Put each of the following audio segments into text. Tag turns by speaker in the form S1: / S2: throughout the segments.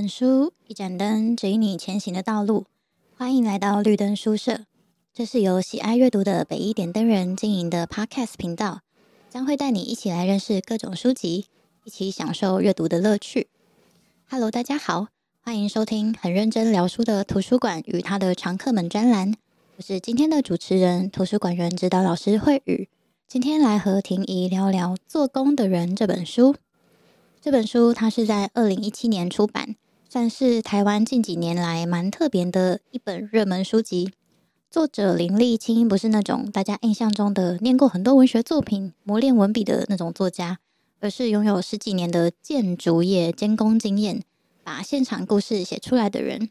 S1: 本書一盞燈，指引你前行的道路。歡迎來到綠燈書社，這是由喜愛閱讀的北一點燈人經營的 Podcast 頻道，將會帶你一起來認識各種書籍，一起享受閱讀的樂趣。Hello，大家好，歡迎收聽很認真聊書的圖書館與他的常客們專欄。我是今天的主持人，圖書館員指導老師蕙宇，今天來和亭誼聊聊《做工的人》這本書。這本書它是在二零一七年出版。算是台灣近幾年來蠻特別的一本熱門書籍。作者林立青不是那種大家印象中的念過很多文學作品、磨練文筆的那種作家，而是擁有十幾年的建築業監工經驗，把現場故事寫出來的人。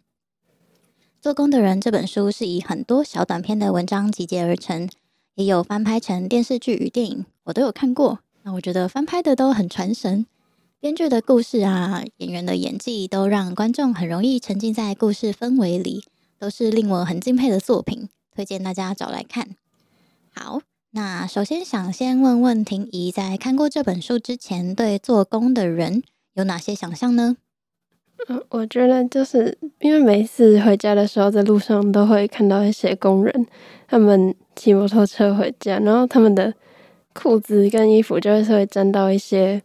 S1: 做工的人這本書是以很多小短篇的文章集結而成，也有翻拍成電視劇與電影，我都有看過。那我覺得翻拍的都很傳神。編劇的故事啊，演員的演技都讓觀眾很容易沉浸在故事氛圍裡，都是令我很敬佩的作品，推薦大家找來看。好，那首先想先問問亭誼，在看過這本書之前，對做工的人有哪些想象呢？
S2: 呃，我覺得就是因為每次回家的時候，在路上都會看到一些工人，他們騎摩托車回家，然後他們的褲子跟衣服就會會沾到一些。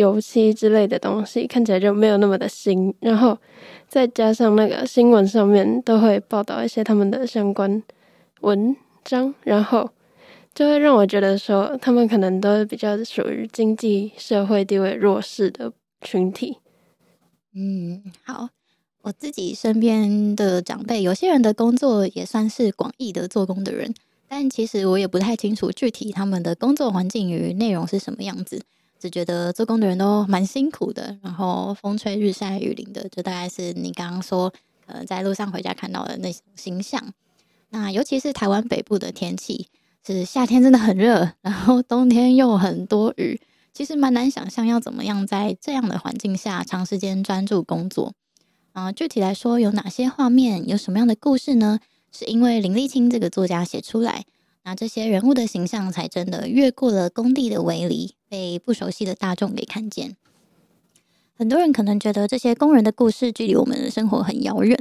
S2: 油漆之類的東西，看起來就沒有那麼的新，然後再加上那個新聞上面都會報道一些他們的相關文章，然後就會讓我覺得說他們可能都比較屬於經濟、社會地位弱勢的
S1: 群體。嗯，好，我自己身邊的長輩，有些人的工作也算是廣義的做工的人，但其實我也不太清楚具體他們的工作環境與內容是什麼樣子。只覺得做工的人都蠻辛苦的，然後風吹日曬雨淋的，就大概是你剛剛說，呃，在路上回家看到的那形象。那尤其是台灣北部的天氣，是夏天真的很熱，然後冬天又很多雨，其實蠻難想象要怎麼樣在這樣的環境下長時間專注工作。啊，具體來說有哪些畫面，有什麼樣的故事呢？是因為林立青這個作家寫出來。那這些人物的形象才真的越過了工地的圍籬，被不熟悉的大眾給看見。很多人可能覺得這些工人的故事距離我們的生活很遙遠，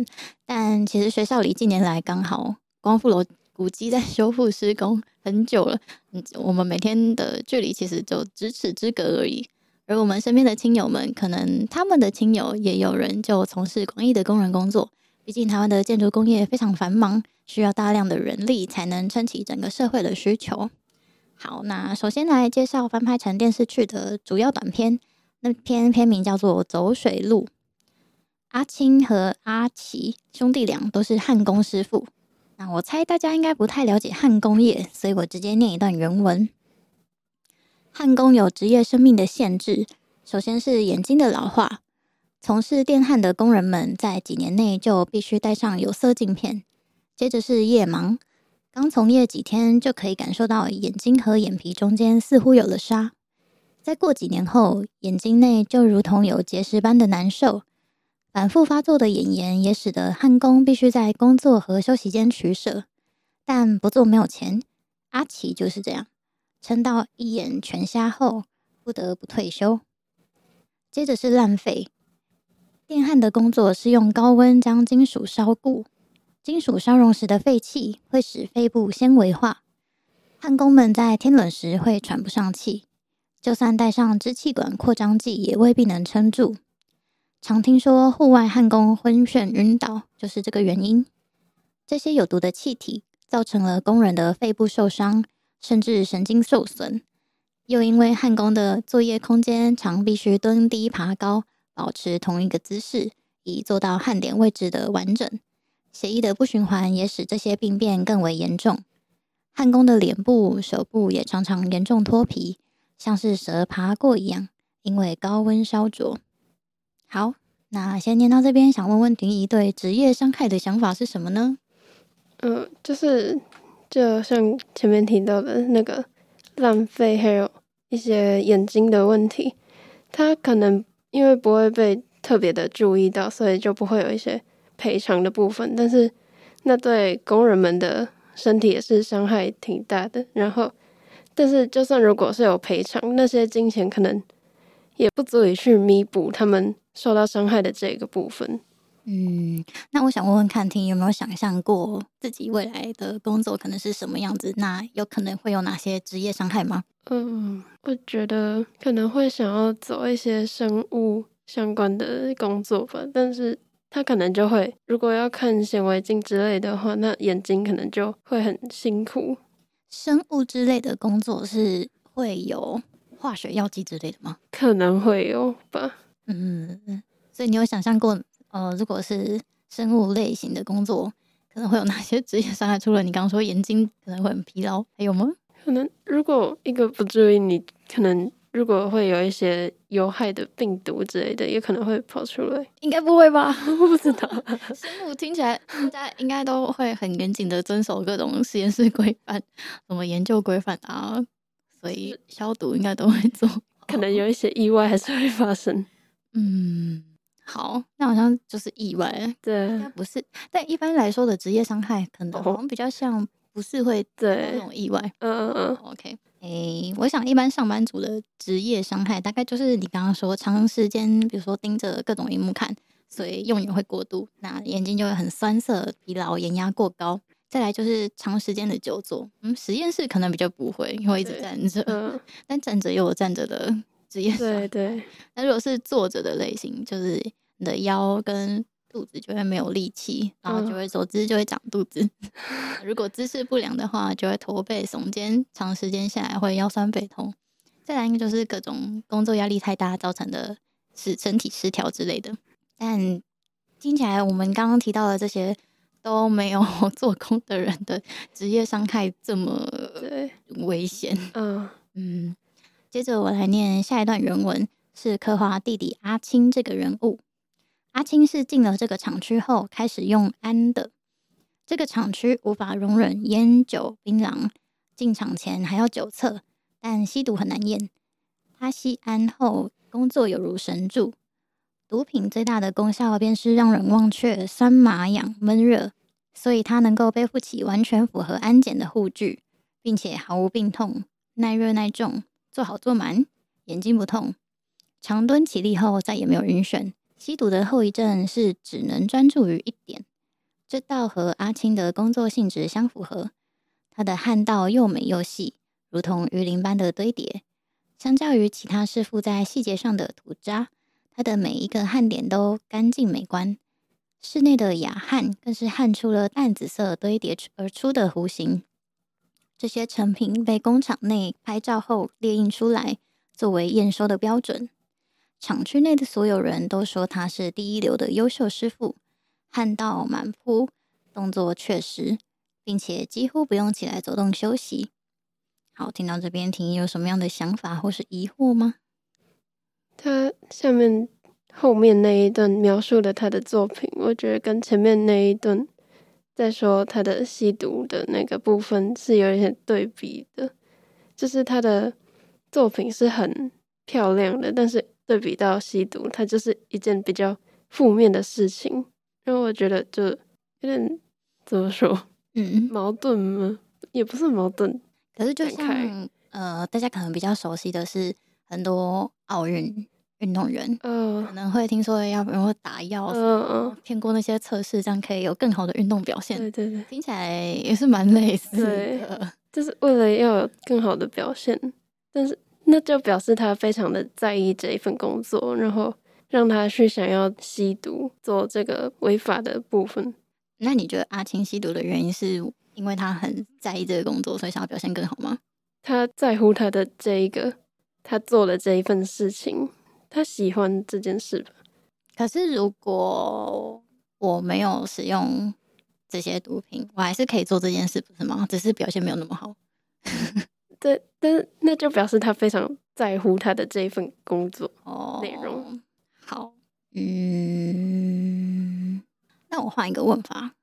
S1: 但其實學校裡近年來剛好光復樓古蹟在修復施工很久了很久，嗯，我們每天的距離其實就咫尺之隔而已。而我們身邊的親友們，可能他們的親友也有人就從事廣義的工人工作。畢竟台灣的建築工業非常繁忙，需要大量的人力才能撐起整個社會的需求。好，那首先來介紹翻拍成電視劇的主要短篇，那篇篇名叫做《走水路》。阿欽和阿祈兄弟倆都是焊工師傅。那我猜大家應該不太了解焊工業，所以我直接念一段原文：焊工有職業生命的限制，首先是眼睛的老化。從事電焊的工人們在幾年內就必須戴上有色鏡片，接着是夜盲。剛從業幾天就可以感受到眼睛和眼皮中間似乎有了沙。再過幾年後，眼睛內就如同有結石般的難受。反復發作的眼炎也使得焊工必須在工作和休息間取捨，但不做沒有錢。阿祈就是這樣，撐到一眼全瞎後不得不退休。接着是浪費電焊的工作是用高溫將金屬燒固，金屬燒熔時的廢氣會使肺部纖維化，焊工們在天冷時會喘不上氣，就算戴上支氣管擴張劑也未必能撐住。常聽說戶外焊工昏眩暈倒，就是這個原因。這些有毒的氣體造成了工人的肺部受傷，甚至神經受損。又因為焊工的作業空間常必須蹲低爬高。保持同一個姿勢，以做到焊點位置的完整。血液的不循環也使這些病變更為嚴重。焊工的臉部、手部也常常嚴重脫皮，像是蛇爬過一樣，因為高溫燒灼。好，那先念到這邊，想問問亭誼對職業傷害的想法是什麼呢？嗯、呃，就是就像前面提到的那
S2: 個浪費還有一些眼睛的問題，他可能。因為不會被特別的注意到，所以就不會有一些賠償的部分。但是，那對工人們的身體也是傷害挺大的。然後，但是就算如果是有賠償，那些金錢可能也不足以去彌
S1: 補他們受到傷害的這個部分。嗯。那我想問問看，亭有沒有想象過自己未來的工作可能是什麼樣子？那有可能會有哪些職業傷害嗎？嗯，我覺得
S2: 可能會想要走一些生物相關的工作吧，但是他可能就會，如果要看顯微鏡之類的話，那眼睛可能就會很辛苦。
S1: 生物之類的工作是會有化學藥劑之類的嗎？可能會有吧。嗯，所以你有想象過？呃，如果是生物類型的工作，可能會有哪些職業傷害出來？除了你剛剛說眼睛可能會很疲勞，還有嗎？可能
S2: 如果一個不注意，你可能如果會有一些有害的病毒之類的，也可能會跑出來。
S1: 應該不會吧？我不知道。 生物聽起來大家 應該都會很嚴謹的遵守各種實驗室規範，什麼研究規範
S2: 啊，所以消毒應該都會做。可能有一些意外還是會發生。嗯。
S1: 好，那好像就是意外，對，應該不是。但一般來說的職業傷害，可能我們比較像不是會對那種意外。嗯嗯對，OK，哎、欸，我想一般上班族的職業傷害，大概就是你剛剛說長時間，比如說盯着各種螢幕看，所以用眼會過度，那眼睛就會很酸澀、疲勞、眼壓過高。再來就是長時間的久坐。嗯，實驗室可能比較不會，因為一直站着，對但站着又有站着的。職業傷害。對對，那如果是坐着的類型，就是你的腰跟肚子就會沒有力氣，然後就會坐姿就會長肚子。嗯、 如果姿勢不良的話，就會駝背、聳肩，長時間下來會腰酸背痛。再來一個就是各種工作壓力太大造成的，是身體失調之類的。但聽起來我們剛剛提到的這些都沒有做工的人的職業傷害這麼危險。嗯嗯。接着我來念下一段原文，是刻畫弟弟阿欽這個人物。阿欽是進了這個廠區後開始用安的。這個廠區無法容忍煙酒檳榔，進廠前還要酒測，但吸毒很難驗。他吸安後工作有如神助，毒品最大的功效便是讓人忘卻酸麻癢悶熱，所以他能夠背負起完全符合安檢的護具，並且毫無病痛，耐熱耐重。坐好坐滿，眼睛不痛。長蹲起立後，再也沒有暈眩。吸毒的後遺症是只能專注於一點，這倒和阿欽的工作性質相符合。他的焊道又美又細，如同魚鱗般的堆疊。相較於其他師傅在細節上的塗渣，他的每一個焊點都乾淨美觀。室內的氬焊更是焊出了淡紫色堆疊而出的弧形。這些成品被工廠內拍照後列印出來，作為驗收的標準。廠區內的所有人都說他是第一流的優秀師傅，焊道滿鋪，動作確實，並且幾乎不用起來走動休息。好，聽到這邊，亭誼有什麼樣的想法或是疑惑嗎？他下面
S2: 後面那一段描述了他的作品，我覺得跟前面那一段。再說他的吸毒的那個部分是有一些對比的，就是他的作品是很漂亮的，但是對比到吸毒，它就是一件比較負面的事情，然後我覺得就有點
S1: 怎麼說，嗯，矛盾嘛，也不是矛盾，可是就像開呃，大家可能比較熟悉的是很多奧運。運動員嗯，呃、可能會聽說要比如說打藥嗯嗯，騙過那些測試，這樣可以有更好的運動表現。對對對，聽起來也是蠻類似的，對，就是為了要有更
S2: 好的表現。但是那就表示他非常的在意這一份工作，然後
S1: 讓他去想要吸毒做這個違法的部分。那你覺得阿欽吸毒的原因是因為他很在意這個工作，所以想要表現更好嗎？
S2: 他在乎他的這一個，他做了這一份事情。他喜歡
S1: 這件事吧？可是如果我沒有使用這些毒品，我還是可以做這件事，不是嗎？只是表現沒有那麼好。
S2: 對，但那就表示他非常在乎他的這一份工作、哦、內容。
S1: 好，嗯，那我換一個問法，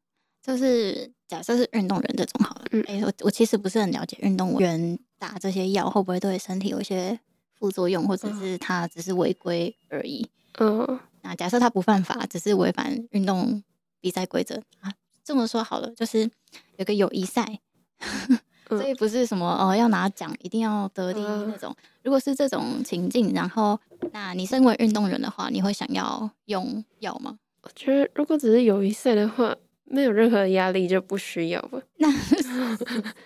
S1: 就是假設是運動員這種好了。嗯，我我其實不是很了解運動員打這些藥會不會對身體有一些。副作用，或者是他只是違規而已。嗯，oh. 那假設他不犯法，只是違反運動比賽規則啊。這麼說好了，就是有個友誼賽， oh. 所以不是什麼哦，要拿獎一定要得第一那種。Oh. 如果是這種情境，然後，那你身為運動員的話，你會想要用藥嗎？我覺得，如果只是友誼賽的話。沒有任
S2: 何壓力就不需要吧？ 那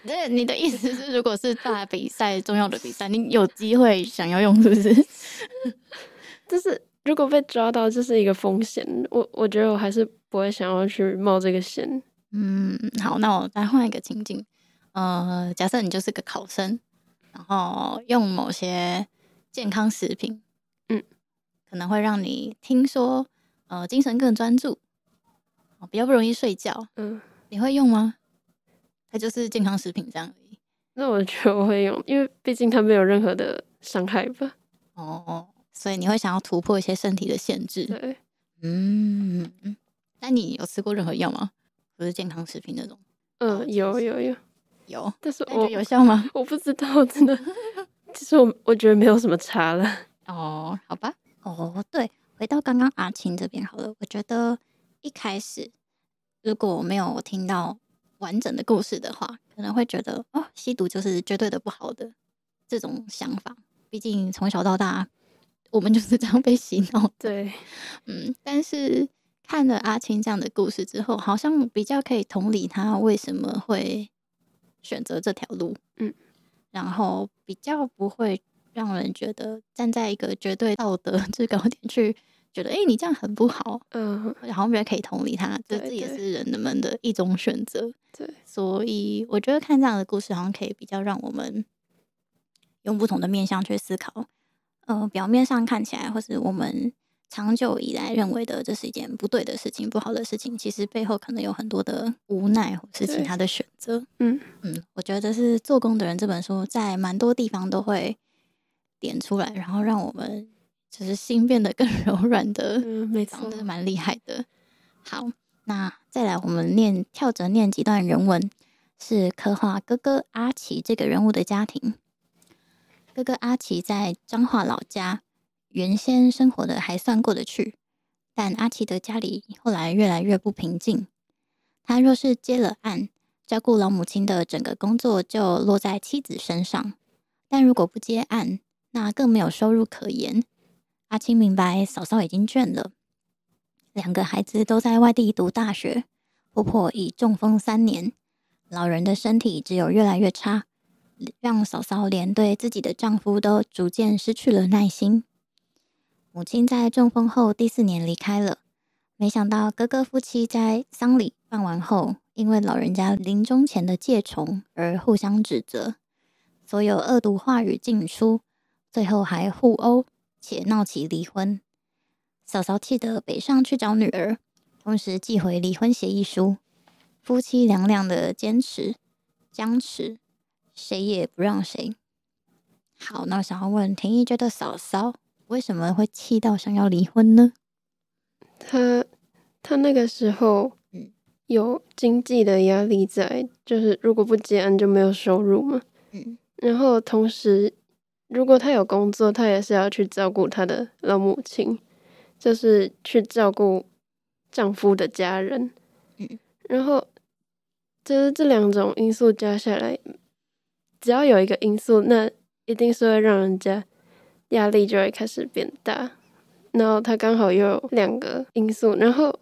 S1: 那你的意思是，如果是大
S2: 比賽、 重要的比賽，你有機會想要用，是不是？就 是如果被抓到，這是一個風險。我我覺得我還是不會想要去冒這個險。
S1: 嗯，好，那我再換一個情景。呃，假設你就是個考生，然後用某些健康食品，嗯，可能會讓你聽說，呃，精神更專注。比較不容易睡覺，嗯，你會用嗎？它就是健康食品這樣而已。
S2: 那我覺得我會用，
S1: 因為畢竟它沒有任何的傷害吧。哦，所以你會想要突破一些身體的限制，對，嗯。那、okay、你有吃過任何藥嗎？不是健康食品那種。嗯，
S2: 有有有有，有但是我但覺得有效嗎？我不知道，
S1: 真的。其實我我覺得沒有什麼差了。哦，好吧。哦，對，回到剛剛阿欽這邊好了，我覺得。一開始，如果沒有聽到完整的故事的話，可能會覺得哦，吸毒就是絕對的不好的這種想法。畢竟從小到大，我們就是這樣被洗腦。對，嗯。但是看了阿欽這樣的故事之後，好像比較可以同理他為什麼會選擇這條路。嗯，然後比較不會讓人覺得站在一個絕對道德最高點去。覺得哎、欸，你這樣很不好，嗯，我好像比較可以同理他，對對對，就這也是人們的一種選擇。對所以我覺得看這樣的故事，好像可以比較讓我們用不同的面向去思考。呃，表面上看起來，或是我們長久以來認為的，這是一件不對的事情、不好的事情，其實背後可能有很多的無奈或是其他的選擇。嗯嗯，我覺得這是《做工的人》這本書在蠻多地方都會點出來，然後讓我們。只是心變得更柔軟的、嗯，沒錯，真的蠻厲害的。好，那再來，我們念，跳着念幾段人文，是刻畫哥哥阿祈這個人物的家庭。哥哥阿祈在彰化老家，原先生活的還算過得去，但阿祈的家裡後來越來越不平靜。他若是接了案，照顧老母親的整個工作就落在妻子身上；但如果不接案，那更沒有收入可言。阿欽明白，嫂嫂已經倦了。兩個孩子都在外地讀大學，婆婆已中風三年，老人的身體只有越來越差，讓嫂嫂連對自己的丈夫都逐漸失去了耐心。母親在中風後第四年離開了。沒想到哥哥夫妻在喪禮辦完後，因為老人家臨終前的戒蟲而互相指責，所有惡毒話語盡出，最後還互毆。且鬧起離婚，嫂嫂氣得北上去找女兒，同時寄回離婚協議書。夫妻兩兩的堅持，僵持，誰也不讓誰。好，那想要問亭誼覺得嫂嫂為什麼會氣到想要離婚呢？他他那個時候，有
S2: 經濟的壓力在，就是如果不結案就沒有收入嘛，嗯，然後同時。如果她有工作，她也是要去照顧她的老母親，就是去照顧丈夫的家人。然後就是這兩種因素加下來，只要有一個因素，那一定是會讓人家壓力就會開始變大。然後她剛好又有兩個因素，然後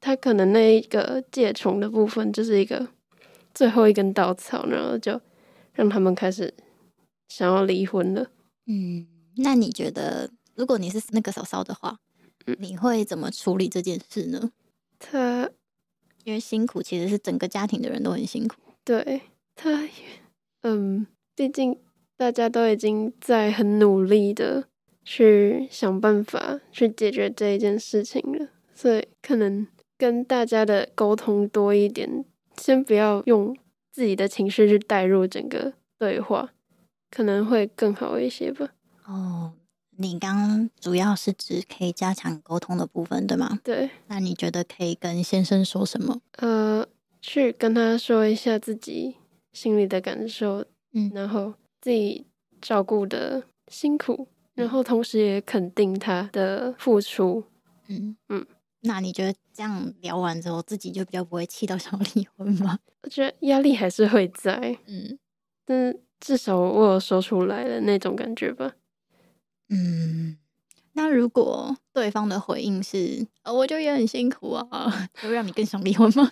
S2: 她可能那一個介蟲的部分就是一個最後一根稻草，然後就讓他們開始
S1: 想要離婚
S2: 了，
S1: 嗯，那你覺得，如果你是那個嫂嫂的話，嗯，你會怎麼處理這件事呢？他，因為辛苦，其實是整個家庭的人都很辛苦。對，他，嗯，畢竟
S2: 大家都已經在很努力的去想辦法去解決這一件事情了，所以可能跟大家的溝通多一點，先不要用自己的情緒去帶入整個對話。可能會更好一些吧。
S1: 哦，你剛、剛主要是指可以加強溝通的部分，對嗎？對。那你覺得可以跟先生說什麼？
S2: 呃，去跟他說一下自己心裡的感受，嗯，然後自己照顧的辛苦，嗯、然後同時也肯定他的付
S1: 出，嗯嗯。嗯，那你覺得這樣聊完之後，自己就比較不會氣到要想離婚嗎？我
S2: 覺得壓力還是會在，嗯，但。至少我有說出來的那種感覺吧。嗯，那如果對方的回應是“哦、我就也很辛苦啊”，就讓你更想離婚嗎？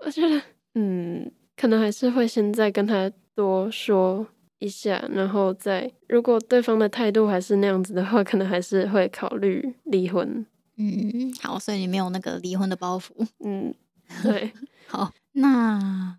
S2: 我覺得，嗯，可能還是會現在跟他多說一下，然後再如果對方的態度還是那樣子的話，可能還是會考慮離婚。嗯，
S1: 好，所以你沒有那個離婚的包袱。嗯，對， 好，那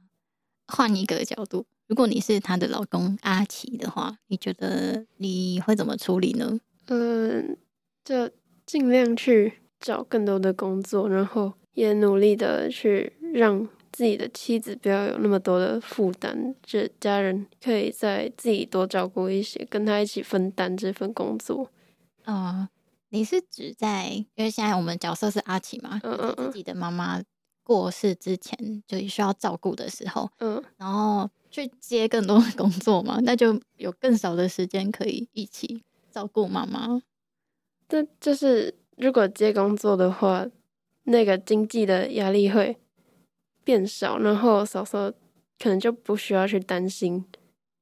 S1: 換一個角度。如果你是她的老公阿祈的話，你覺得你會怎麼處理呢？嗯，
S2: 就盡量去找更多的工作，然後也努力的去讓自己的妻子不要有那麼多的負擔，這家人可以再自己多照顧一些，跟他一起分擔這份工作。啊、呃，你是
S1: 指在因為現在我們角色是阿祈嘛？嗯嗯嗯。自己的媽媽過世之前，就需要照顧的時候，嗯，然後。去接更多的工作嘛，那就有更少的時間可以一起照顧媽媽。但就
S2: 是如果接工作的話，那個經濟的壓力會變少，然後嫂嫂可能就不需要去擔心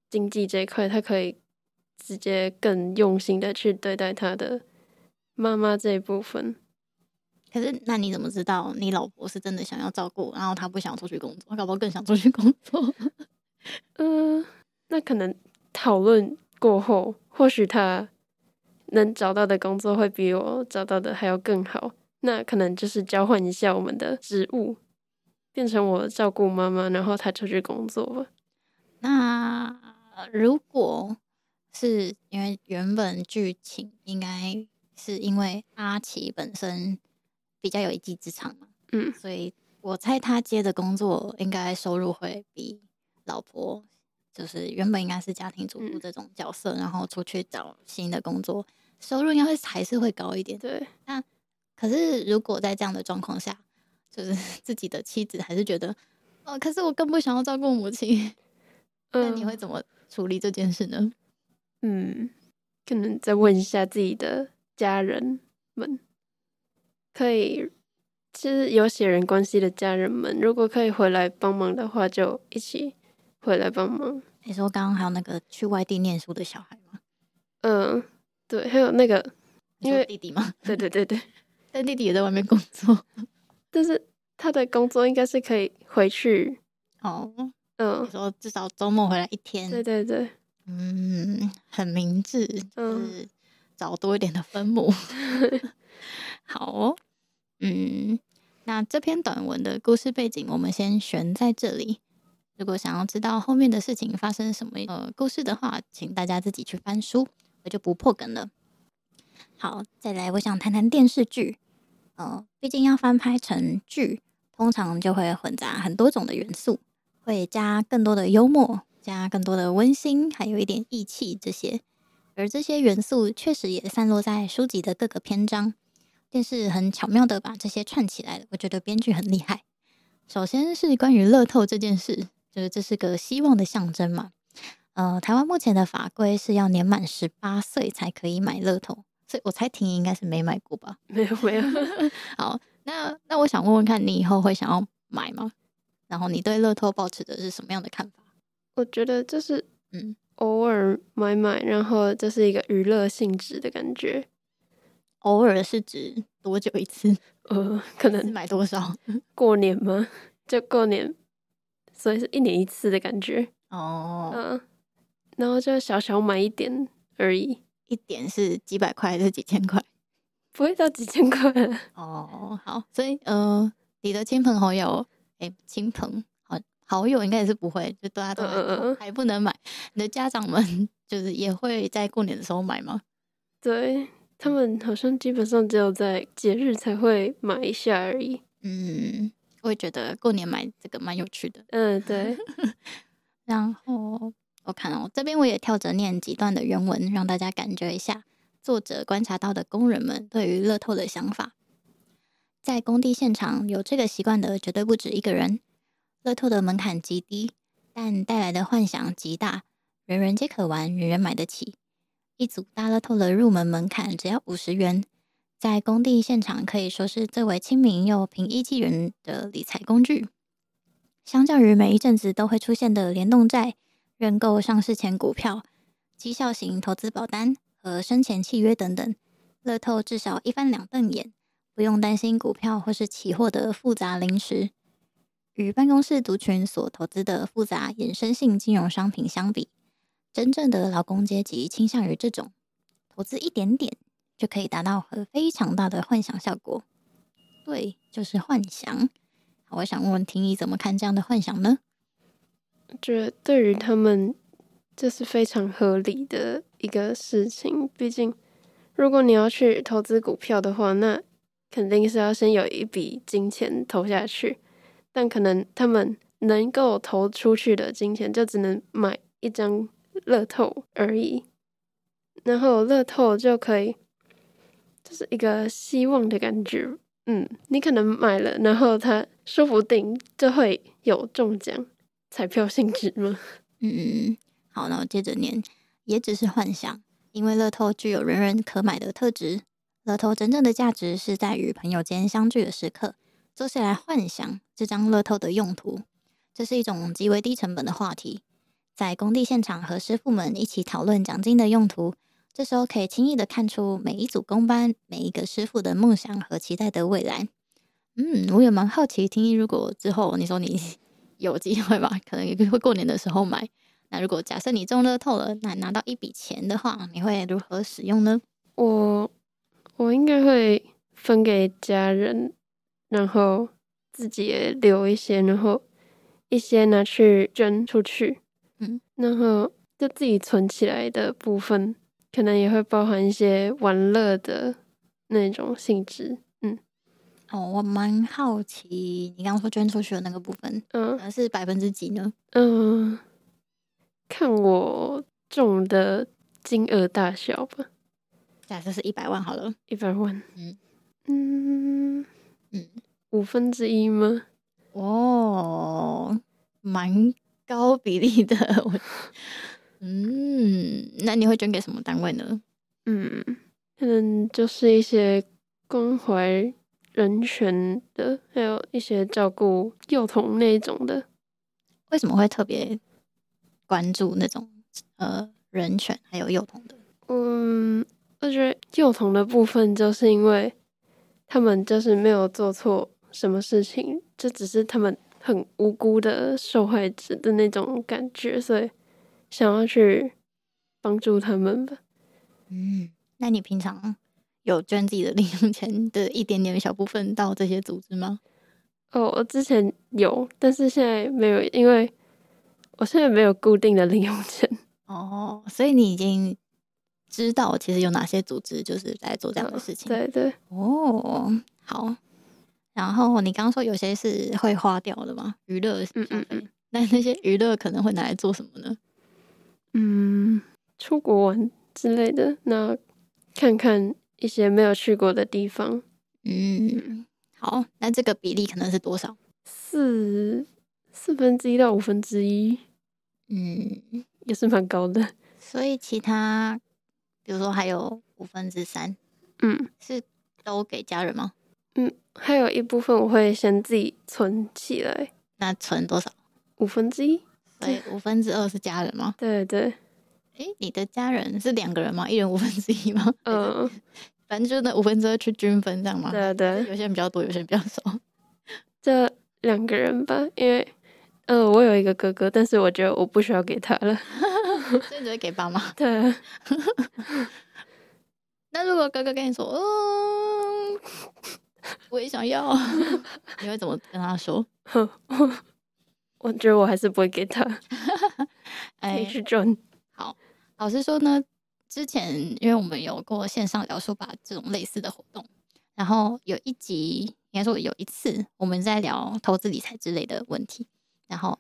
S2: 經濟這一塊，他可以直接更用心的去對待他的媽
S1: 媽這一部分。可是，那你怎麼知道你老婆是真的想要照顧，然後她不想出去工作？她搞不好更想出去工作。 嗯、呃，那可能
S2: 討論過後，或許他能找到的工作會比我找到的還要更好。那可能就是交換一下我們的職務，變成我照顧媽媽，然後他出去工作吧。
S1: 那、呃、如果是因為原本劇情應該是因為阿祈本身比較有一技之長嘛，嗯，所以我猜他接的工作應該收入會比。老婆就是原本應該是家庭主婦這種角色，嗯、然後出去找新的工作，收入應該會還是會高一點。對，那可是如果在這樣的狀況下，就是自己的妻子還是覺得，哦，可是我更不想要照顧母親。那、嗯、你會怎麼處理這件事呢？嗯，
S2: 可能再問一下自己的家人們，可以，其、就、實、是、有血緣關係的家人們，如果可以回來幫忙的話，就一起。回來幫忙。
S1: 你、哦、說剛剛還有那個去外地念書的小孩嗎？嗯，
S2: 對，還有那個，因為弟弟嘛？對對對對，但弟弟也在外面工作，但是他的工作應該是可以
S1: 回去哦。嗯，你說至少週末回來一天。對，對對對，嗯，很明智，就是找多一點的分母。嗯、 好、哦，嗯，那這篇短文的故事背景我們先懸在這裡。如果想要知道後面的事情發生什麼呃故事的話，請大家自己去翻書，我就不破梗了。好，再來，我想談談電視劇。呃，畢竟要翻拍成劇，通常就會混雜很多種的元素，會加更多的幽默，加更多的溫馨，還有一點義氣這些。而這些元素確實也散落在書籍的各個篇章，但是很巧妙的把這些串起來了。我覺得編劇很厲害。首先是關於樂透這件事。就是這是個希望的象徵嘛，呃，台灣目前的法規是要年滿十八歲才可以買樂透，所以我猜亭誼應該是沒買過吧？沒有沒有。沒有 好，那那我想問問看你以後會想要買嗎？然後你對樂透抱持的是什麼樣的看法？我覺得就是嗯，偶
S2: 爾買買，然後就是一個娛樂性質的感覺。
S1: 偶爾是指多久一次？呃，可能買多少？
S2: 過年嗎？就過年。所以是一年一次的感覺哦，嗯，Oh. Uh, 然後就小小買一點
S1: 而已，一點是幾百塊還是幾千塊？不會到幾千塊哦。Oh. 好，所以嗯、呃，你的親朋好友，哎、欸，親朋好好友應該也是不會，就大家都還不能買。Uh. 你的家長們就是也會在過年的時候買嗎？對，他們好像基本
S2: 上只有在節日才會買一下而已。嗯。我會覺得過年買
S1: 這個蠻有趣的。呃、嗯，對。 然後我看哦，這邊我也跳着念幾段的原文，讓大家感覺一下作者觀察到的工人們對於樂透的想法。在工地現場有這個習慣的絕對不止一個人。樂透的門檻極低，但帶來的幻想極大，人人皆可玩，人人買得起。一組大樂透的入門門檻只要五十元。在工地現場可以說是最為親民又平易近人的理財工具。相較於每一陣子都會出現的聯動債、認購上市前股票、績效型投資保單和生前契約等等，樂透至少一翻兩瞪眼，不用擔心股票或是期貨的複雜臨時。與辦公室族群所投資的複雜衍生性金融商品相比，真正的勞工階級傾向於這種投資一點點就可以達到非常大的幻想效果，對，就是幻想。我想問問亭誼怎麼看這樣的幻想呢？
S2: 我覺得對於他們，
S1: 這是非
S2: 常合理的一個事情。畢竟，如果你要去投資股票的話，那肯定是要先有一筆金錢投下去。但可能他們能夠投出去的金錢，就只能買一張樂透而已。然後樂透就可以。就是一個希望的感覺，嗯，你可能買了，然後它說不定就會
S1: 有中獎，彩票性質嘛。嗯嗯嗯，好，那我接着念，也只是幻想，因為樂透具有人人可買的特質。樂透真正的價值是在與朋友間相聚的時刻，坐下來幻想這張樂透的用途，這是一種極為低成本的話題。在工地現場和師傅們一起討論獎金的用途。這時候可以輕易的看出，每一組工班、每一個師傅的夢想和期待的未來。嗯，我也蠻好奇，亭誼如果之後你說你有機會吧，可能也會過年的時候買。那如果假設你中樂透了，那拿到一筆錢的話，你會如何使用呢？我我應該會
S2: 分給家人，然後自己也留一些，然後一些拿去捐出去。嗯，然後就自己存起來的部分，可能也會包含一些玩樂的那種
S1: 性質，嗯。哦，我蠻好奇你剛剛說捐出去的那個部分，嗯、呃，是百分之幾呢？嗯，
S2: 看我中的金額大小吧。假設是一百萬好了，一百萬，嗯嗯嗯，嗯嗯五分之一嗎？哦，
S1: 蠻高比例的。我嗯，那你會捐給什麼單位呢？嗯，可、嗯、能就是一些
S2: 關懷人權的，還有一些照顧幼童那一種的。
S1: 為什麼會特別關注那種呃人權還有幼童的？
S2: 嗯，我覺得幼童的部分，就是因為他們就是沒有做錯什麼事情，這只是他們很無辜的受害者的那種感覺，所以。想要去幫
S1: 助他們吧，
S2: 嗯，
S1: 那你平常有捐自己的零用錢的一點點小部分到這些組織嗎？哦，oh, 我之前有，
S2: 但是現在沒有，因為我現在沒有固定的零用錢。
S1: 哦，oh, 所以你已經知道其實有哪些組織就是來做這樣的事情。Oh, 對對。哦，oh, 好。然後你剛剛說有些是會花掉的嗎？娛樂，嗯嗯嗯。那那些娛樂可能會拿來做什麼呢？
S2: 嗯，出國玩之類的，那看看一些沒有去過的地方。嗯，嗯好，那這個比例可能是多少？四四分之一到五分之一。嗯，也是蠻高的。
S1: 所以其他，比如說還有五分之三。嗯，是都給家人嗎？嗯，還有一部分我會先自己存起來。那存多少？五分之一。對，五分之二是家人嗎？對對。哎，你的家人是兩個人嗎？一人五分之一嗎？嗯，反正就那五分之二去均分這樣嗎？對對，有些人比較多，有些人比較少。
S2: 這兩個人吧，因為，呃，我有一個哥哥，但是我覺得我不需要給他了，
S1: 所以只會給爸媽。對啊。 那如果哥哥跟你說，嗯，我也想要， 你會怎麼跟他說？ 我覺得我還是不會給他 h。h 是 John、 欸。好，老實說呢，之前因為我們有過線上聊書吧這種類似的活動，然後有一集應該說有一次我們在聊投資理財之類的問題，然後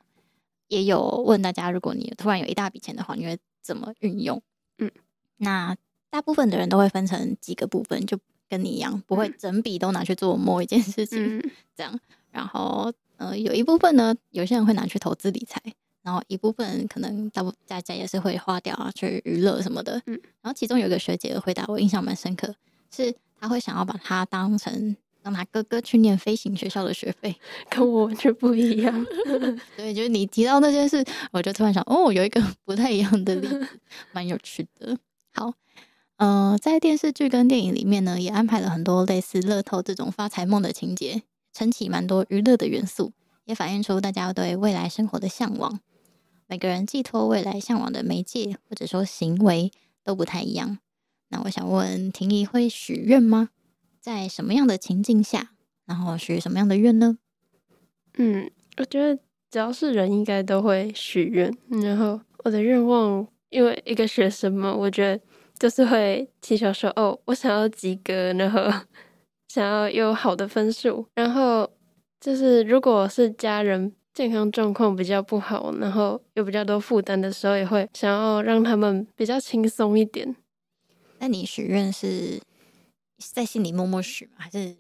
S1: 也有問大家，如果你突然有一大筆錢的話，你會怎麼運用？嗯，那大部分的人都會分成幾個部分，就跟你一樣，不會整筆都拿去做某一件事情，嗯、這樣，然後。呃，有一部分呢，有些人會拿去投資理財，然後一部分可能大部大家也是會花掉啊，去娛樂什麼的。嗯，然後其中有一個學姐的回答我印象蠻深刻，是她會想要把它當成讓她哥哥去念飛行學校的學費，跟我卻不一樣。 對，就是你提到那件事，我就突然想，哦，有一個不太一樣的例子，蠻有趣的。好，嗯、呃，在電視劇跟電影裡面呢，也安排了很多類似樂透這種發財夢的情節。撐起蠻多娛樂的元素，也反映出大家對未來生活的嚮往。每個人寄託未來嚮往的媒介或者說行為都不太一樣。那我想問亭誼，會許願嗎？在什麼樣的情境下，然後許什麼樣的願呢？嗯，我覺
S2: 得只要是人，應該都會許願。然後我的願望，因為一個學生嘛，我覺得就是會祈求說，哦，我想要及格。然後想要有好的分數，然後就是，如果是家人健康狀況比較不好，然後有比較多負擔的時候，也會想要讓他們比較輕鬆一點。
S1: 那你許願是在心裡默默許嗎？還是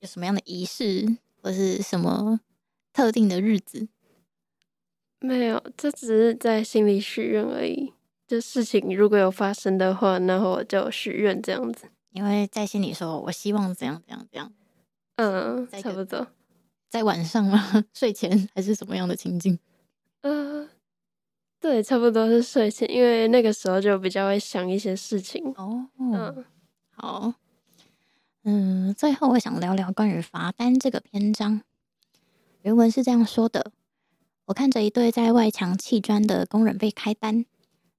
S1: 有什麼樣的儀式，或是什麼特定的日子？
S2: 沒有，這只是在心裡許願而已。就事情如果有發生的話，然後我就許願這樣子。
S1: 因為在心裡說，我希望怎樣怎樣怎樣，
S2: 嗯，個差不多，
S1: 在晚上嗎？睡前還是什麼樣的情境？
S2: 呃，對，差不多是睡前，因為那個時候就比較會想一些事情。哦，嗯，好，嗯，
S1: 最後我想聊聊關於罰單這個篇章。原文是這樣說的：我看着一對在外牆砌磚的工人被開單，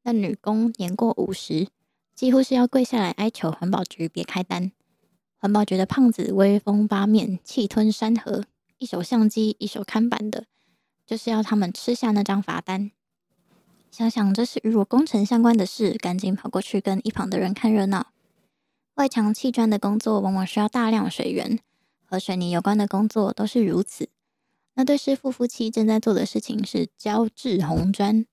S1: 那女工年過五十。幾乎是要跪下來哀求環保局別開單。環保局的胖子威風八面，氣吞山河，一手相機，一手看板的，就是要他們吃下那張罰單。想想這是與我工程相關的事，趕緊跑過去跟一旁的人看熱鬧。外牆砌磚的工作往往需要大量水源，和水泥有關的工作都是如此。那對師傅夫妻正在做的事情是澆制紅磚，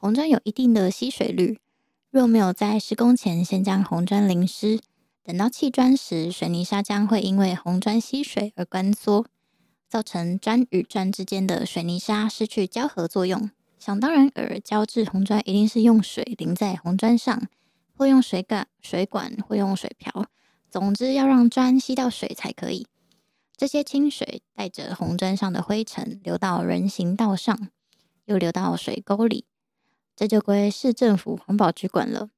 S1: 紅磚有一定的吸水率。若沒有在施工前先將紅磚淋濕，等到砌磚時，水泥砂漿會因為紅磚吸水而乾縮，造成磚與磚之間的水泥沙失去膠合作用。想當然爾，澆置紅磚一定是用水淋在紅磚上，會用水桿、水管，會用水瓢，總之要讓磚吸到水才可以。這些清水帶着紅磚上的灰塵流到人行道上，又流到水溝裡。這就歸市政府環保局管了。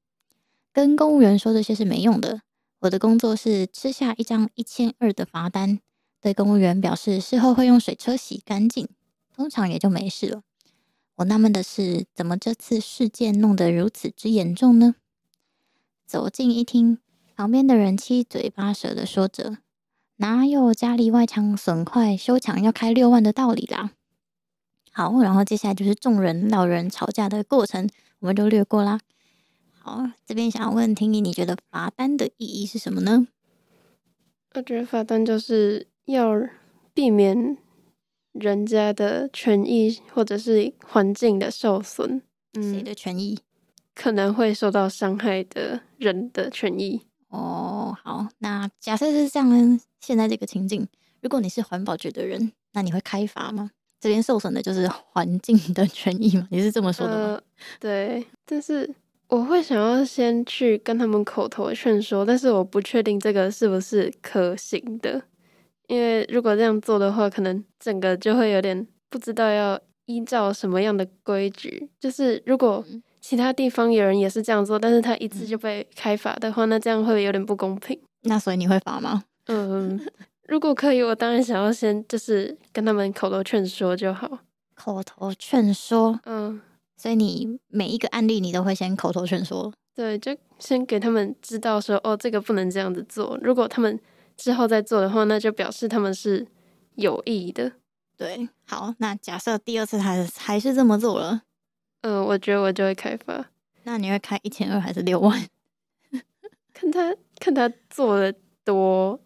S1: 跟公務員說這些是沒用的。我的工作是吃下一張一千二的罰單，對公務員表示事後會用水車洗乾淨，通常也就沒事了。我納悶的是，怎麼這次事件弄得如此之嚴重呢？走近一聽，旁邊的人七嘴八舌的說着：“哪有家裡外牆損壞修牆要開六萬的道理啦？”好，然後接下來就是眾人老人吵架的過程，我們都略過啦。好，這邊想要問亭誼，你覺得罰單的意義是什麼呢？
S2: 我覺
S1: 得罰單就是要避免人家的
S2: 權益或者是環境的受損。嗯，你的權益？可能
S1: 會受到傷害的人的權益。哦，好，那假設是這樣，現在這個情境，如果你是環保局的人，那你會開罰嗎？這邊受損的就是環境的權益嘛，你是這麼說的嗎？呃，對，但是
S2: 我會想要先去跟他們口頭勸說，但是我不確定這個是不是可行的，因為如果這樣做的話，可能整個就會有點不知道要依照什麼樣的規矩。就是如果其他地方有人也是這樣做，但是他一次就被開罰的話，那這樣會有點不公平。
S1: 那所以你會罰嗎？嗯。
S2: 如果可以，我當然想要先就是跟他們口頭勸說就好。
S1: 口頭勸說，嗯，所以你每一個案例你都會先口頭勸說？
S2: 對，就先給他們知道說，哦，這個不能這樣子做。如果他們之後再做的話，那就表示他們是有意的。對，好，那假設第二次還是還是這麼做了，嗯，我覺得我就會開罰。
S1: 那你會開一千二還是六萬？ 看？
S2: 看他看他做的多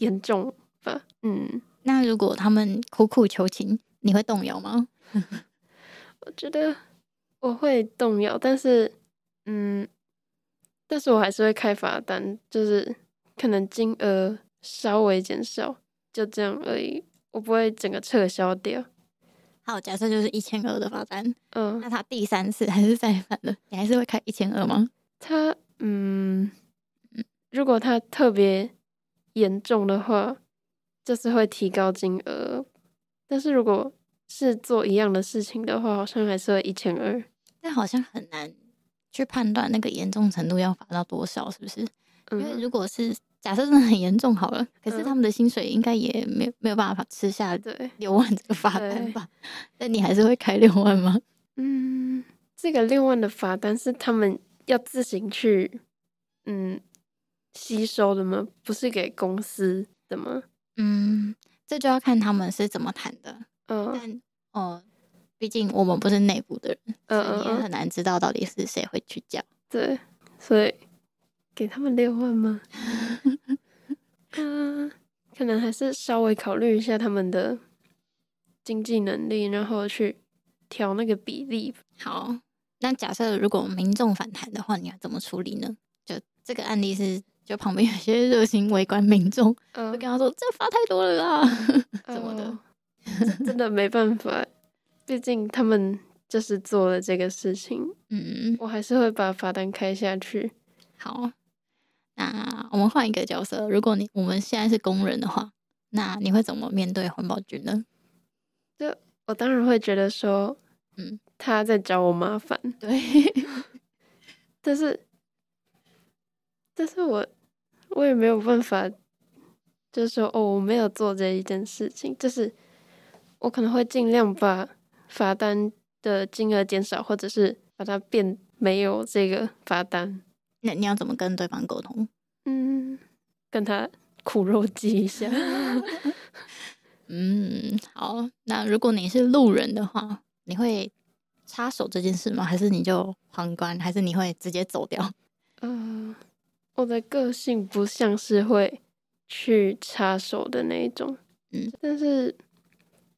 S2: 嚴
S1: 重。嗯，那如果他們苦苦求情，你會動搖嗎？
S2: 我覺得我會動搖，但是，嗯，但是我還是會開罰單，就是可能金額稍微減少，就這樣而已。我不會整個撤銷掉。
S1: 好，假設就是一千二的罰單，嗯，那他第三次還是再犯了，你還是會開一千二嗎？他、嗯，嗯，如果他特別嚴
S2: 重的話。就是會提高金額，但是如果是
S1: 做一樣的事情的話，好像還是會一千二。但好像很難去判斷那個嚴重程度要罰到多少，是不是？嗯，因為如果是假設真的很嚴重好了，可是他們的薪水應該也沒有沒有辦法吃下對，六萬這個罰單吧？那你還是會開六萬嗎？嗯，
S2: 這個六萬的罰單是他們要自行去嗯吸收的嗎？不是給公司的嗎？
S1: 嗯，這就要看他們是怎麼談的，嗯、哦，但哦、呃，畢竟我們不是內部的人，嗯、哦，也很難知道到底是誰會去交。
S2: 對，所以給他們六萬嗎？嗯、 呃，可能還是稍微考慮一下他們的經濟能力，然
S1: 後去調那個比例。好，那假設如果民眾反彈的話，你要怎麼處理呢？就這個案例是。就旁邊有些熱心圍觀民眾
S2: 會、嗯、跟他說：“這罰太多了啦， 怎麼的？
S1: 呃，真的
S2: 沒辦法，畢竟他們就是做了這個事情。”嗯，我還是會把罰
S1: 單開下去。好，那我們換一個角色，嗯、如果你我們現在是工人的話，那你會怎麼面對環保局呢？
S2: 就我當然會覺得說，嗯，他在找我麻煩。對， 但是，但是我。我也沒有辦法，就是說，哦，我沒有做這一件事情，就是我可能會盡量把罰單的金額減少，或者是把它變沒有這個罰單。那你要怎麼跟對方溝通？嗯，跟他苦肉
S1: 計一下。 嗯，好。那如果你是路人的話，你會插手這件事嗎？還是你就旁觀？還是你會直接走掉？嗯、
S2: uh。我的個性不像是會去插手的那一種，嗯，但是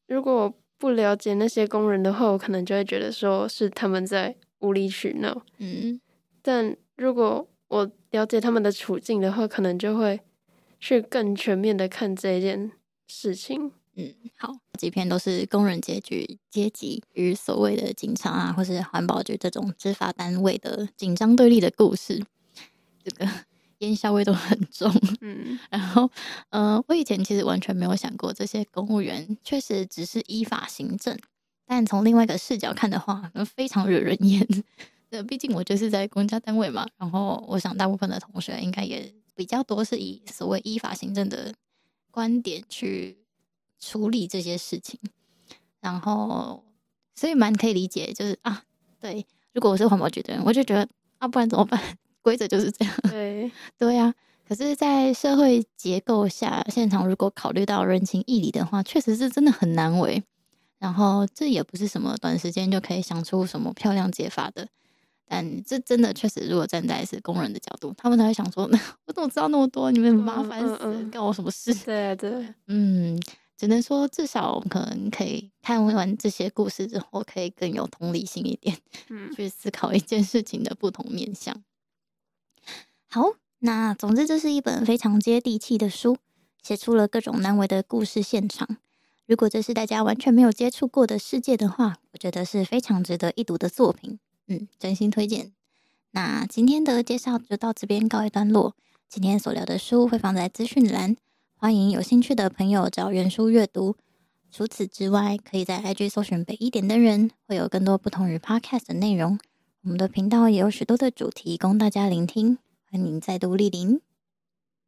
S2: 如果我不了解那些工人的話，我可能就會覺得說是他們在無理取鬧，嗯，但如果我了解他們的處境的話，可能就會去更
S1: 全面的看
S2: 這件事情，嗯，好。
S1: 幾篇都是工人階級階級與所謂的警察啊，或是環保局這種執法單位的緊張對立的故事，這個。煙硝味都很重，嗯，然後，呃，我以前其實完全沒有想過，這些公務員確實只是依法行政，但從另外一個視角看的話，那非常惹人厭 對。畢竟我就是在公家單位嘛，然後我想大部分的同學應該也比較多是以所謂依法行政的觀點去處理這些事情，然後所以蠻可以理解，就是啊，對，如果我是環保局的人，我就覺得啊，不然怎麼辦？規則就是這樣對， 對對、啊、呀。可是，在社會結構下，現場如果考慮到人情義理的話，確實是真的很難為。然後，這也不是什麼短時間就可以想出什麼漂亮解法的。但這真的確實，如果站在是工人的角度，他們才會想說：那我怎麼知道那麼多？你們麻煩死，嗯嗯、干我什麼事？對、啊、對，嗯，只能說至少可能可以看完這些故事之後，可以更有同理心一點，嗯，去思考一件事情的不同面向。好，那總之，這是一本非常接地氣的書，寫出了各種難為的故事現場。如果這是大家完全沒有接觸過的世界的話，我覺得是非常值得一讀的作品。嗯，真心推薦。那今天的介紹就到這邊告一段落。今天所聊的書會放在資訊欄，歡迎有興趣的朋友找原書閱讀。除此之外，可以在 IG 搜尋“北一點的人”，會有更多不同於 Podcast 的內容。我們的頻道也有許多的主題供大家聆聽。歡迎再度蒞臨。